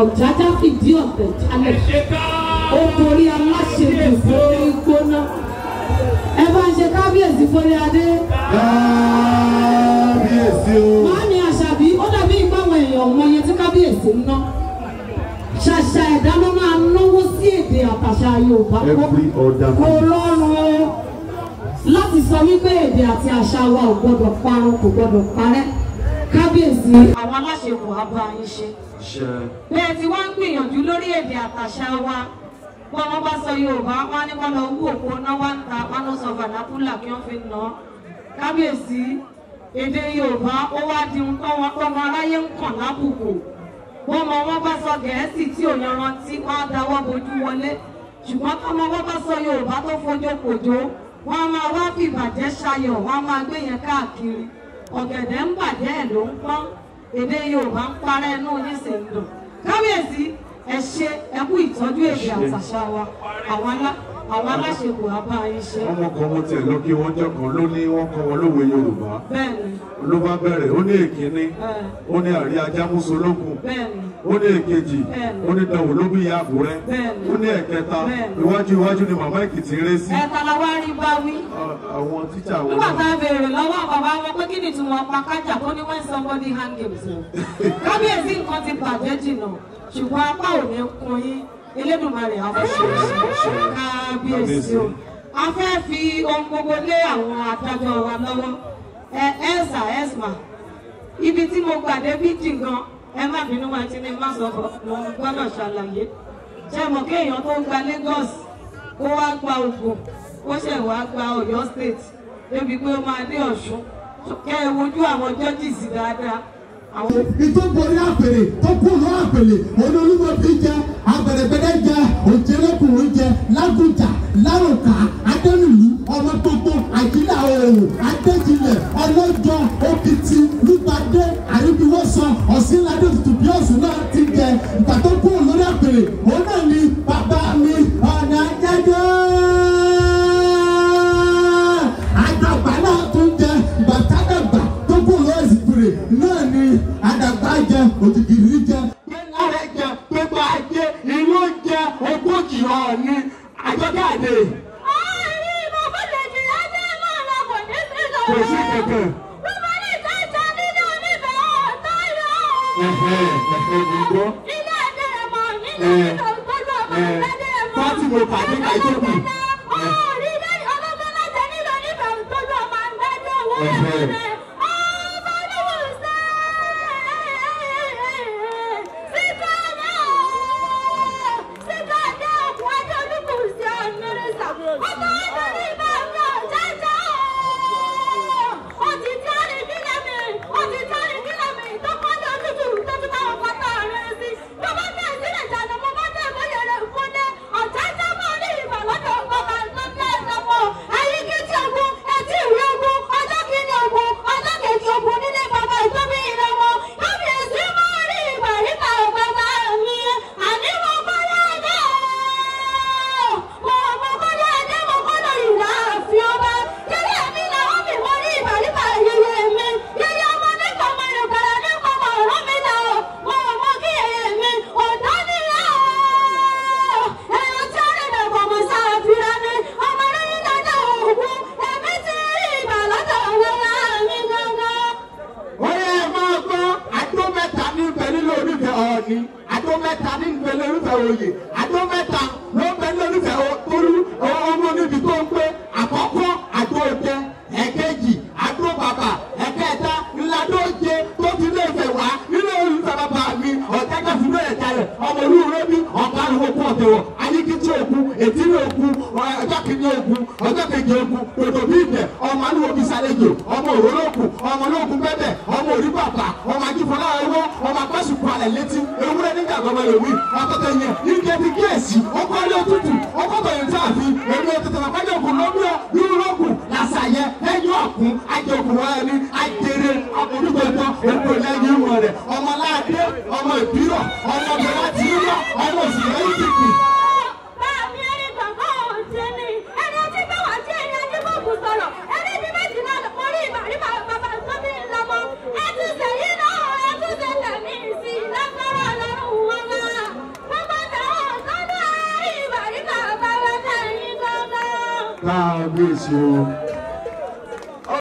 ọ̀tá já fìdí ọ̀tẹ̀ jalè ó torí aláṣejù forí gbóná ẹ bá ń ṣe kábíyèsí forí adé. kábíyèsí o. màámi àṣàbí ó dàbí ipá àwọn èèyàn ọmọ iye tí kábíyèsí ń ná ṣàṣà ẹ̀dá ló máa náwó sí èdè àtàṣà Yorùbá kó lọ́rùn o láti sọ wípé èdè àti àṣà wa ò gbọdọ̀ parun kò gbọdọ̀ parẹ́. àti àwọn aláṣepọ̀ abá yín ṣe. bẹ́ẹ̀ tí wọ́n ń gbìyànjú lórí èdè àtàṣà wa wọ́n wọ́n bá sọ Yorùbá wọn ní wọ́n lọ wú òkú náà wá ń ta kí wọ́n fi nà án. kábíyèsí èdè Yorùbá ó wá di ohun aráyé ń kàn wọ́n mọ wọ́n bá sọ Gẹ̀ẹ́sì tí ò wọ́n á wọlé. ṣùgbọ́n wọ́n bá Yorùbá tó fojó èdè Yorùbá ń parẹ́ inú oníṣẹ́ ń dùn kábíyèsí ẹ ṣé ẹ kú ìtọ́jú èdè àtàṣà wa àwọn alá àwọn aláṣepọ̀ apá iṣẹ́. wọ́n mú kan mú tiẹ̀ lọ wọ́n jọkàn ló ní wọ́n kọ́ wọn lówe yorùbá. bẹ́ẹ̀ni. ló bá bẹ̀rẹ̀ ó ní èkíní. ó ní àrí ajámúso lókun. bẹ́ẹ̀ni. ó ní èkejì. ó ní dànwó ló bí ìyá àbúrẹ́. bẹ́ẹ̀ni. ó ní ẹ̀kẹta. iwájú iwájú ni màmá èkìtì ré sí. ẹ̀ta la wá rí bá wí. àwọn tíṣà wọn. nígbà tá a béèrè lọ́wọ́ bàbá wọn pé kí ṣùgbọ́n apá ò ní kun yín. Elédùmarè afẹ́fẹ́ kábíyèsí o a fẹ́ fi ohun gbogbo lé àwọn adájọ́ wa lọ́wọ́ ẹ ẹ̀sà ibi tí mo gbàdé bí jìngàn ẹ má bínú wa ti ní má sọ mo gbọ́dọ̀ ṣàlàyé ṣé mo kéèyàn tó gba Lagos kó wá gba Ògùn kó ṣẹ̀ wá gba Ọ̀yọ́ state débi pé ó máa dé Ọ̀ṣun kẹ́ ẹ wojú àwọn jọ́jìsì dáadáa ìtò borí àpèrè tó kú lọ àpèrè olólùwọ fi jẹ agbẹrẹgbẹrẹ jẹ òjẹlẹkùnrin jẹ lágùjà lárùkà adẹnulù ọmọ gbogbo àjílà òòrùn adẹjìlẹ ọlọjọ òkìtì lùgbàdé àríbiwọsọ ọsínládé tùbí ọsùn náà ti jẹ ìgbà tó kú lórí àpèrè òun náà ni bàbá mi ọ̀nà jẹjẹ. àjọgbà náà tún jẹ bàtà dàgbà tó kú lọ èsì pèrè náà àdàgbà jẹ òtìgìrì jẹ. gbẹ́lára jẹ gbogbo ajé ìlú jẹ ogójì ọ̀ọ́ni àjọkẹ́ kò sí kankan. rúbọ̀lì tó ń jẹ nínú oníbẹ̀ ọ̀tọ́ yọ. ẹ̀hẹ̀ ẹ̀hẹ̀ gbogbo. ilé ọmọ ẹ̀dẹ̀rẹ̀ mọ̀. pátì mo pàdé àìtóbi. oyè àjọ mẹ́ta ló ń bẹ lólùfẹ́ olú ọmọ níbi tó ń pé àkọ́kọ́ àjọ òde ẹ̀kejì àjọ bàbà ẹ̀kẹta ńlájọ òde tó fi lè fẹ̀ wá nílé olùfẹ́ bàbá mi ọ̀tẹ́kẹ́ fi lè jalè ọmọ olúwo bí ọ̀gá ni mo kú ọ̀tẹ̀wọ̀ ọjọ́ kejì ogun òdò bí ìbẹ̀ ọmọ alúwo bí sàlejò ọmọ òrólókù ọmọ olókùn bẹ́bẹ̀ ọmọ òrí bàbà ọmọ ajífọlá owó ọmọ apásùkù alẹ̀ létí ewúrẹ́ nígbà gbọmọ lòwì ọtọtọ yẹn nígbà tí kíyèsí ọkọ ilé òtútù ọkọ tọyìn tí a fi èmi òtútù àpájọ òkun lọ́gbọ́n yúrú làṣàyẹ miss you.